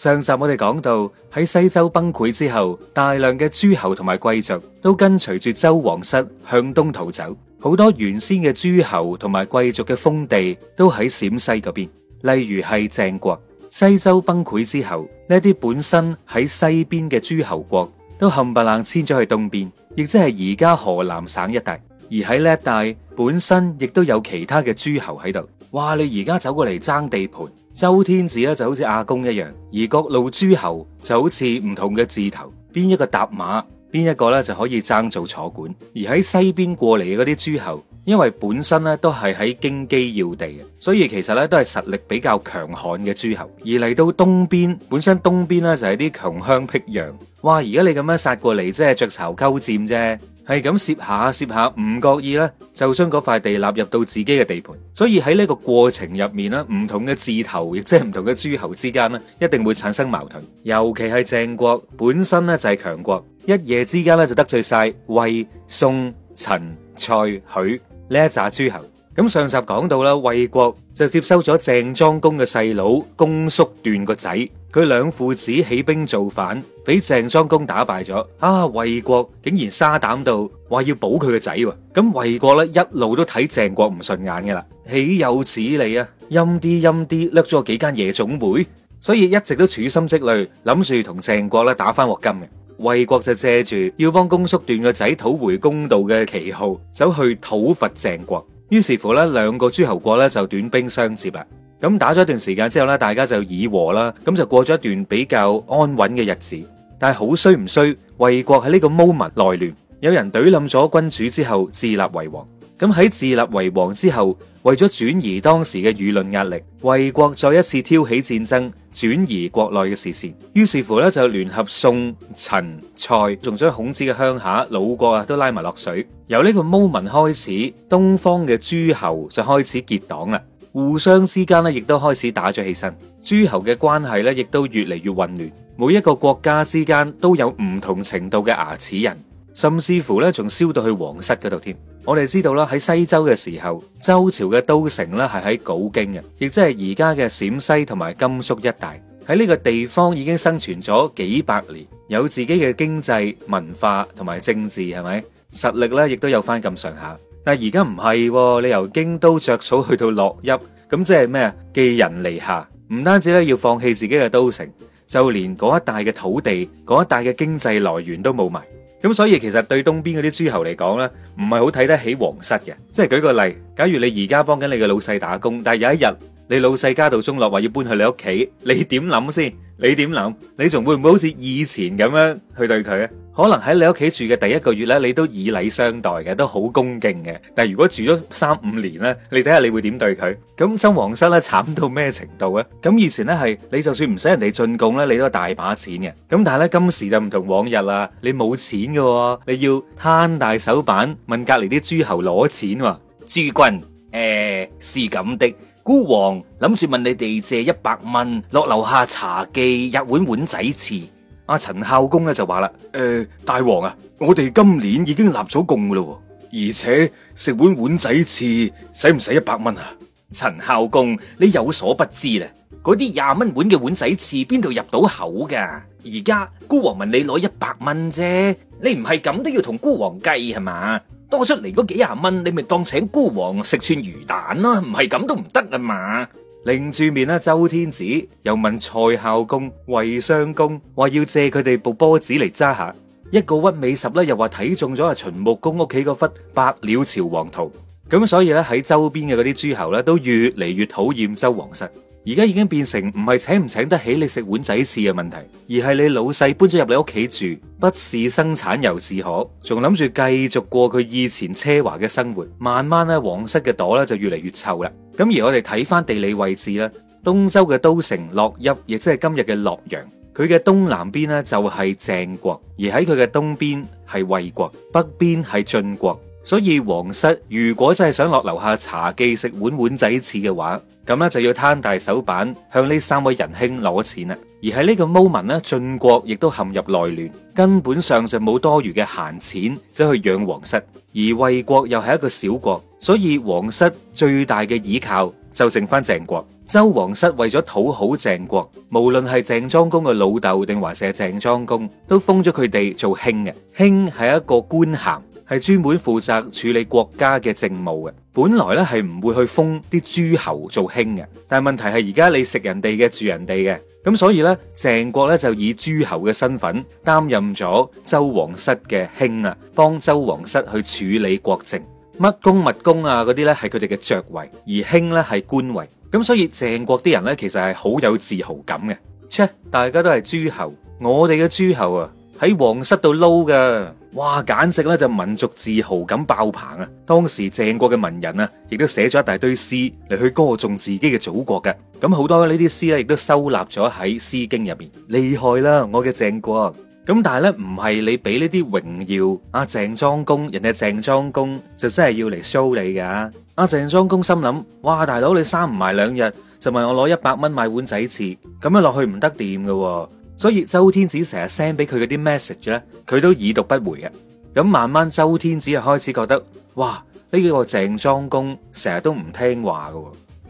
上集我哋講到喺西周崩潰之後，大量嘅諸侯同埋貴族都跟隨住周王室向東逃走，好多原先嘅諸侯同埋貴族嘅封地都喺陝西嗰邊，例如係鄭國。西周崩潰之後，呢啲本身喺西邊嘅諸侯國都冚唪唥遷咗去東邊，亦即係而家河南省一帶。而喺呢一帶本身亦都有其他嘅諸侯喺度，哇！你而家走過嚟爭地盤。周天子咧，就好似阿公一樣，而各路諸侯就好似唔同嘅字頭，邊一個搭馬，邊一個咧就可以爭做坐管。而喺西邊過嚟嘅嗰啲諸侯，因為本身咧都係喺京畿要地，所以其實咧都係實力比較強悍嘅諸侯。而嚟到東邊，本身東邊咧就係啲窮鄉僻壤，哇！而家你咁樣殺過嚟，即係鵲巢鳩占啫。係咁攝下攝下，唔覺意咧就將嗰塊地納入到自己嘅地盤，所以喺呢個過程入面咧，唔同嘅字頭亦即係唔同嘅諸侯之間呢，一定會產生矛盾。尤其係鄭國本身咧就係強國，一夜之間咧就得罪晒衛、宋、陳、蔡、許呢一紮諸侯。咁上集講到啦，衛國就接收咗鄭莊公嘅細佬公叔段個仔。佢兩父子起兵造反，俾鄭莊公打敗咗。啊，衛國竟然沙膽到話要保佢個仔，咁衛國咧一路都睇鄭國唔順眼嘅啦。豈有此理啊！陰啲陰啲，掠咗我幾間夜總會，所以一直都處心積慮，諗住同鄭國咧打翻鑊金嘅。衛國就借住要幫公叔段個仔討回公道嘅旗號，走去討伐鄭國。於是乎咧，兩個諸侯國咧就短兵相接啦。咁打咗一段時間之後咧，大家就以和啦，咁就過咗一段比較安穩嘅日子。但係好衰唔衰，衛國喺呢個 moment 內亂，有人㨃冧咗君主之後自立為王。咁喺自立為王之後，為咗轉移當時嘅輿論壓力，衛國再一次挑起戰爭，轉移國內嘅視線。於是乎呢，就聯合宋、陳、蔡，仲將孔子嘅鄉下魯國啊，都拉埋落水。由呢個 moment 開始，東方嘅諸侯就開始結黨啦。互相之間咧，亦都開始打咗起身，諸侯嘅關係咧，亦都越嚟越混亂。每一個國家之間都有唔同程度嘅牙齒人，甚至乎咧，仲燒到去皇室嗰度添。我哋知道啦，喺西周嘅時候，周朝嘅都城咧係喺鎬京嘅，亦即係而家嘅陝西同埋甘肅一帶。喺呢個地方已經生存咗幾百年，有自己嘅經濟、文化同埋政治，係咪實力咧亦都有翻咁上下？但係而家唔係，你由京都著草去到洛邑，咁即係咩啊？寄人籬下，唔單止咧要放棄自己嘅都城，就連嗰一帶嘅土地、嗰一帶嘅經濟來源都冇埋。咁所以其實對東邊嗰啲諸侯嚟講咧，唔係好睇得起皇室嘅。即係舉個例，假如你而家幫緊你嘅老細打工，但係有一日你老細家道中落，話要搬去你屋企，你點諗先？你點諗？你仲會唔會好似以前咁樣去對佢啊？可能喺你屋企住嘅第一個月呢，你都以禮相待嘅，都好恭敬嘅。但係如果住咗三五年呢，你睇下你會點對佢？咁周王室咧慘到咩程度啊？咁以前呢，係你就算唔使人哋進貢呢，你都大把錢嘅。咁但係呢，今時就唔同往日啦，你冇錢嘅，啊，你要攤大手板問隔籬啲諸侯攞錢，啊。諸君，誒、呃，是咁的，孤王諗住問你哋借一百蚊落樓下茶記一碗碗仔翅。阿陳、啊、孝公咧就話啦：誒、呃，大王啊，我哋今年已經立咗貢噶咯，而且食碗碗仔翅使唔使一百蚊啊？陳孝公，你有所不知啦，嗰啲廿蚊碗嘅碗仔翅邊度入到口噶？而家孤王問你攞一百蚊啫，你唔係咁都要同孤王計係嘛？多出嚟嗰幾廿蚊，你咪當請孤王食串魚蛋咯、啊，唔係咁都唔得啊嘛！另住面啦，周天子又問蔡孝公、衛襄公，話要借佢哋部波子嚟揸下。一個屈尾十咧，又話睇中咗啊！秦穆公屋企嗰忽百鳥朝皇圖，咁所以咧喺周邊嘅嗰啲諸侯咧，都越嚟越討厭周皇室。而家已經變成唔係請唔請得起你食碗仔翅嘅問題，而係你老細搬咗入你屋企住，不事生產又自可，仲諗住繼續過佢以前奢華嘅生活。慢慢咧，皇室嘅朵咧就越嚟越臭啦。咁而我哋睇翻地理位置啦，東周嘅都城洛邑，亦即係今日嘅洛陽，佢嘅東南邊呢就係鄭國，而喺佢嘅東邊係衛國，北邊係晉國。所以皇室如果真係想落樓下茶記食碗碗仔翅嘅話，咁呢，就要攤大手板，向呢三位仁兄攞錢啦。而喺呢個 moment，晉國亦都陷入內亂，根本上就冇多餘嘅閒錢走去養皇室。而魏國又係一個小國，所以皇室最大嘅倚靠就剩翻鄭國。周皇室為咗討好鄭國，無論係鄭莊公嘅老豆定還是係鄭莊公，都封咗佢哋做卿嘅。卿係一個官銜，係專門負責處理國家嘅政務嘅。本來呢係唔會去封啲諸侯做卿嘅，但係問題係而家你食人哋嘅住人哋嘅，咁所以呢鄭國呢就以諸侯嘅身份擔任咗周王室嘅卿啊，幫周王室去處理國政，乜公乜公啊嗰啲呢係佢哋嘅爵位，而卿呢係官位，咁所以鄭國啲人呢其實係好有自豪感嘅，check，大家都係諸侯，我哋嘅諸侯啊。喺皇室度撈噶，哇，簡直咧就民族自豪感爆棚啊！當時鄭國嘅文人啊，亦都寫咗一大堆詩嚟,去歌頌自己嘅祖國嘅，咁好多呢啲詩咧亦都收納咗喺《詩經》入面，厲害啦！我嘅鄭國，咁但係咧唔係你俾呢啲榮耀，阿鄭莊公，人哋鄭莊公就真係要嚟 show 你噶，阿鄭莊公心諗，哇，大佬你生唔埋兩日就問我攞一百蚊買碗仔翅，咁樣落去唔得掂噶。所以周天子成日 send 俾佢嗰啲 message 咧，佢都已讀不回嘅。咁慢慢周天子啊開始覺得，哇！呢、幾個鄭莊公成日都唔聽話噶，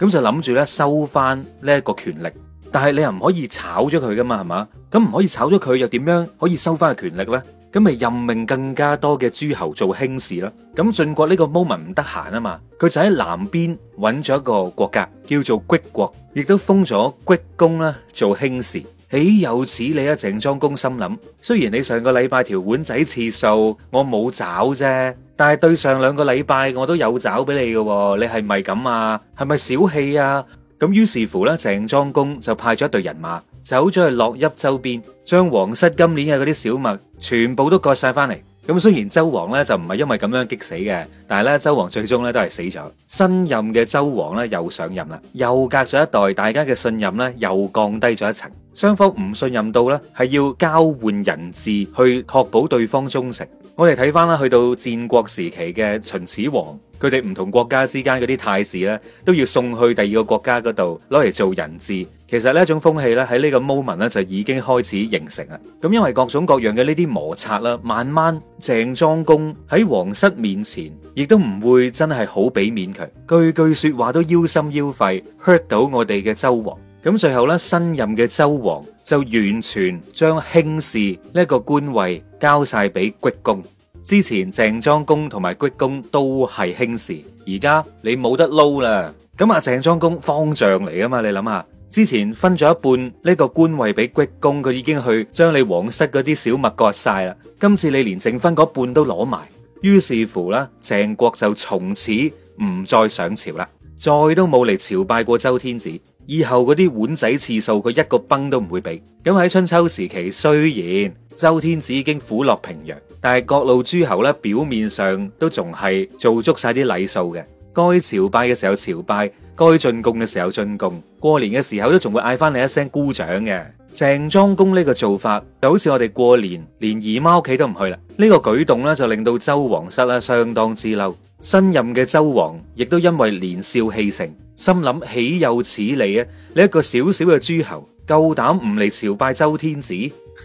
咁、嗯、就諗住咧收翻呢一個權力。但係你又唔可以炒咗佢噶嘛，係嘛？咁唔可以炒咗佢又點樣可以收翻個權力咧？咁咪任命更加多嘅諸侯做卿士啦。咁、嗯、晉國呢個 moment 唔得閒啊嘛，佢就喺南邊揾咗一個國家叫做虢國，亦都封咗虢公啦做卿士。豈有此理啊！鄭莊公心諗，雖然你上個禮拜條碗仔次數我冇找啫，但係對上兩個禮拜我都有找俾你㗎，你係咪咁啊？係咪小氣啊？咁於是乎咧，鄭莊公就派咗一隊人馬走咗去洛邑周邊，將皇室今年嘅嗰啲小麥全部都割晒翻嚟。咁雖然周王咧就唔係因為咁樣激死嘅，但係咧周王最終咧都係死咗。新任嘅周王咧又上任啦，又隔咗一代，大家嘅信任咧又降低咗一層。雙方唔信任到呢係要交換人質去確保對方忠誠。我哋睇翻啦，去到戰國時期嘅秦始皇，佢哋唔同國家之間嗰啲太子咧，都要送去第二個國家嗰度攞嚟做人質。其實呢一種風氣咧，喺呢個 moment 呢，就已經開始形成啦。咁因為各種各樣嘅呢啲摩擦啦，慢慢鄭莊公喺皇室面前，亦都唔會真係好俾面佢，句句說話都腰心腰肺，hurt 到我哋嘅周王。咁最後咧，新任嘅周王就完全將卿士呢一個官位交晒俾虢公。之前鄭莊公同埋虢公都係卿士，而家你冇得撈啦。咁啊，鄭莊公方丈嚟啊嘛，你諗下，之前分咗一半呢個官位俾虢公，佢已經去將你王室嗰啲小麥割晒啦。今次你連剩翻嗰半都攞埋，於是乎啦，鄭國就從此唔再上朝啦，再都冇嚟朝拜過周天子。以後嗰啲碗仔翅數，佢一個崩都唔會俾。咁喺春秋時期，雖然周天子已經虎落平陽，但係各路諸侯咧，表面上都仲係做足晒啲禮數嘅。該朝拜嘅時候朝拜，該進貢嘅時候進貢，過年嘅時候都仲會嗌翻你一聲姑丈嘅。鄭莊公呢個做法就好似我哋過年連姨媽屋企都唔去啦。呢、這個舉動咧就令到周王室咧相當之嬲。新任嘅周王亦都因為年少氣盛，心諗，豈有此理啊！你一個小小嘅諸侯，夠膽唔嚟朝拜周天子？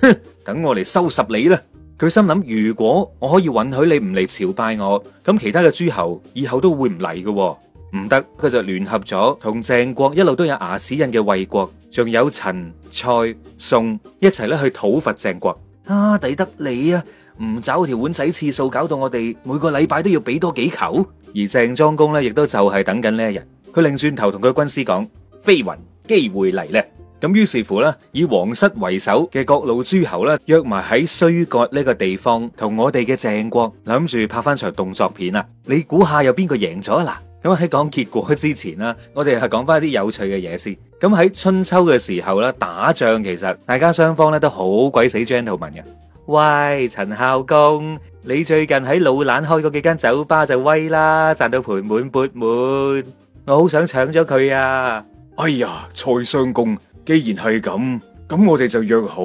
哼，等我嚟收拾你啦！佢心諗，如果我可以允許你唔嚟朝拜我，咁其他嘅諸侯以後都會唔嚟嘅。唔得，佢就聯合咗同鄭國一路都有牙齒印嘅衛國，仲有陳、蔡、宋一齊咧去討伐鄭國。啊，抵得你啊！唔找條碗仔，次數，搞到我哋每個禮拜都要俾多幾球。而鄭莊公咧，亦都就係等緊呢一日。佢擰轉頭同佢軍師講：飛云，機會嚟咧。咁於是乎呢以皇室為首嘅各路諸侯呢，約埋喺繻葛呢個地方，同我哋嘅鄭國諗住拍翻場動作片啊，你估下有邊個贏咗啊？嗱，咁喺講結果之前啦，我哋係講翻啲有趣嘅嘢先。咁喺春秋嘅時候咧，打仗其實大家雙方咧都好鬼死 gentleman 嘅。喂，陳孝公，你最近喺老懶開嗰幾間酒吧就威啦，賺到盆滿缽滿，我好想搶咗佢啊！哎呀，蔡相公，既然係咁，咁我哋就約好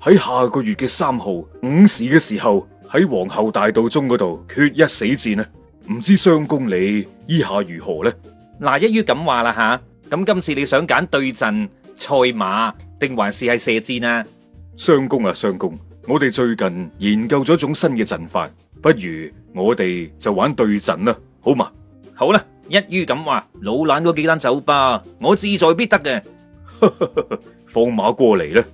喺下個月嘅三號五時嘅時候，喺皇后大道中嗰度決一死戰啊！唔知相公你意下如何呢？嗱、啊，一於咁話啦吓，咁、啊、今次你想揀對陣賽馬，定還是係射箭啊？相公啊，相公！我哋最近研究咗一種新嘅陣法，不如我哋就玩對陣啦，好嘛？好啦，一於咁話，老懶嗰幾間酒吧，我志在必得嘅， 放馬過嚟啦！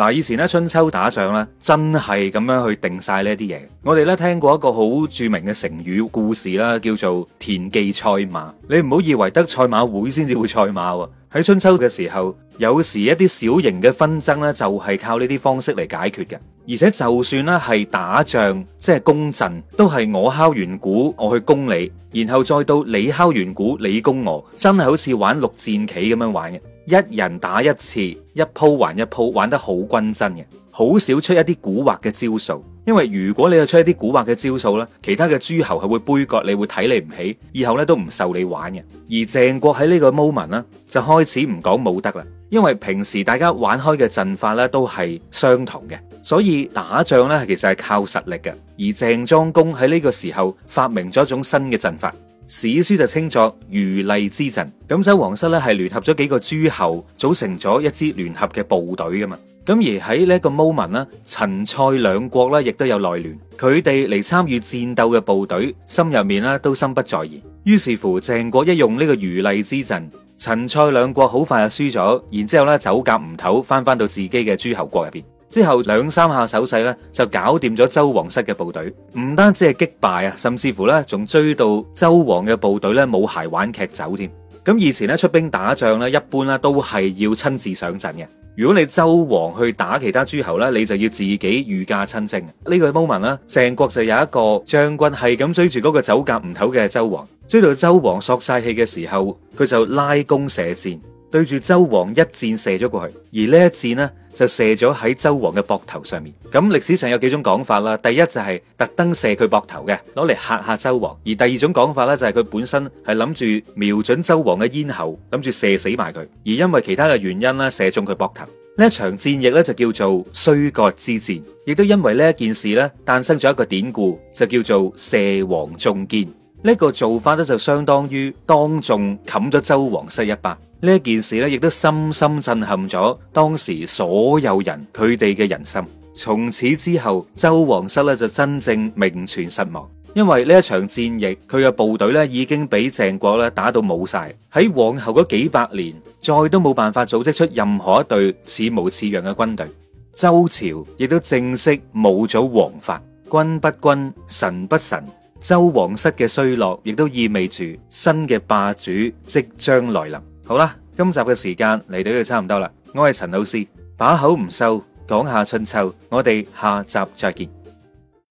嗱，以前咧春秋打仗咧，真係咁樣去定晒呢啲嘢。我哋咧聽過一個好著名嘅成語故事啦，叫做田忌賽馬。你唔好以為得賽馬會先至會賽馬喎。喺春秋嘅時候，有時一啲小型嘅紛爭咧，就係靠呢啲方式嚟解決嘅。而且就算咧係打仗，即係攻陣，都係我敲完鼓，我去攻你，然後再到你敲完鼓，你攻我，真係好似玩六戰棋咁樣玩嘅。一人打一次，一鋪還一鋪，玩得好均真嘅，好少出一啲古惑嘅招數。因為如果你有出一啲古惑嘅招數咧，其他嘅諸侯係會杯葛你，會你會睇你唔起，以後咧都唔受你玩嘅。而鄭國喺呢個 moment 呢，就開始唔講武德啦。因為平時大家玩開嘅陣法咧都係相同嘅，所以打仗咧其實係靠實力嘅。而鄭莊公喺呢個時候發明咗一種新嘅陣法。史書就稱作魚麗之陣，咁周皇室咧係聯合咗幾個諸侯組成咗一支聯合嘅部隊噶嘛，咁而喺呢一個 moment 啦，陳蔡兩國咧亦都有內亂，佢哋嚟參與戰鬥嘅部隊心入面咧都心不在焉，於是乎鄭國一用呢、這個魚麗之陣，陳蔡兩國好快就輸咗，然之後咧走夾唔唞，返返到自己嘅諸侯國入邊。之後兩三下手勢咧，就搞掂咗周王室嘅部隊。唔單止係擊敗啊，甚至乎咧，仲追到周王嘅部隊咧，冇鞋挽屐走添。咁、嗯、以前咧出兵打仗咧，一般咧都係要親自上陣嘅。如果你周王去打其他諸侯咧，你就要自己御駕親征。這個、呢個 moment 啦，鄭國就有一個將軍係咁追住嗰個走夾唔唞嘅周王，追到周王索晒氣嘅時候，佢就拉弓射箭。對住周王一箭射咗過去，而呢一箭呢就射咗喺周王嘅膊頭上面。咁、嗯、歷史上有幾種講法啦。第一就係特登射佢膊頭嘅，攞嚟嚇嚇周王；而第二種講法咧就係佢本身係諗住瞄準周王嘅咽喉，諗住射死埋佢。而因為其他嘅原因啦，射中佢膊頭。呢一場戰役咧就叫做繻葛之戰，亦都因為呢一件事咧誕生咗一個典故，就叫做射王中肩。呢、這個做法咧就相當於當眾冚咗周王室一巴。呢一件事呢，亦都深深震撼咗當時所有人佢哋嘅人心。從此之後，周王室呢，就真正名存實亡，因為呢一場戰役，佢嘅部隊呢，已經俾鄭國咧打到冇晒。喺往後嗰幾百年，再都冇辦法組織出任何一隊似模似樣嘅軍隊。周朝亦都正式冇咗王法，君不君，神不神。周王室嘅衰落，亦都意味住新嘅霸主即將來臨。好啦，今集嘅時間嚟到呢度差唔多啦。我係陳老師，把口唔收，講下春秋。我哋下集再見。